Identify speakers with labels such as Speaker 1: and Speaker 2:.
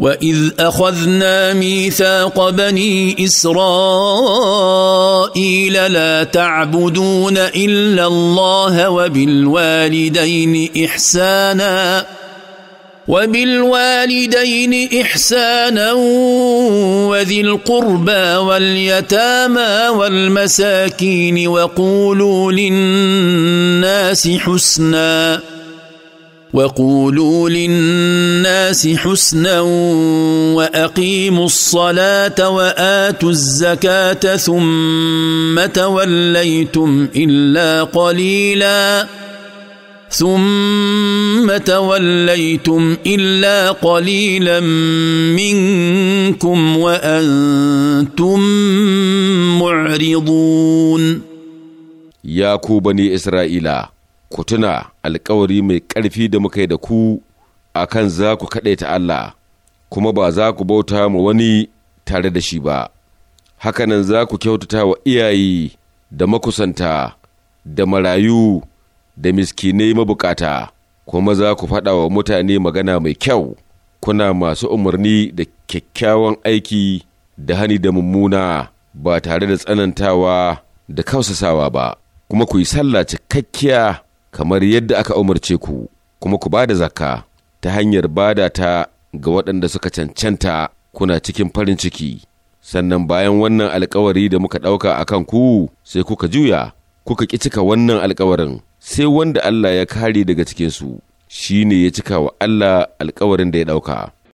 Speaker 1: واذ اخذنا ميثاق بني اسرائيل لا تعبدون الا الله وبالوالدين احسانا وبالوالدين احسانا وذي القربى واليتامى والمساكين وقولوا للناس حسنا وقولوا للناس حسنا واقيموا الصلاه واتوا الزكاه ثم توليتم الا قليلا ثم توليتم الا قليلا منكم وانتم معرضون
Speaker 2: يا كوبني اسرائيل ku tuna alkawari mai ƙarfi da muka yi da ku a kan za ku ta Allah, kuma ba za ku bauta ma wani tare da shi ba, hakanan za ku kyautata wa iyaye da makusanta da marayu da miskinai mabukata, kuma za ku faɗa wa mutane magana mai kyau, kuna masu umarni da kyakkyawan aiki da hani da mummuna ba tare da tsanantawa da kausasawa ba, kuma ku yi sallah cikakkiya. kamar yadda aka umarce ku kuma ku ba da zakka ta hanyar bada ta ga waɗanda suka cancanta kuna cikin farin ciki sannan bayan wannan alkawari da muka ɗauka a kan ku sai kuka juya kuka ƙi cika wannan alkawarin sai wanda Allah ya kare daga cikinsu shi ne ya cika wa Allah alkawarin da ya ɗauka.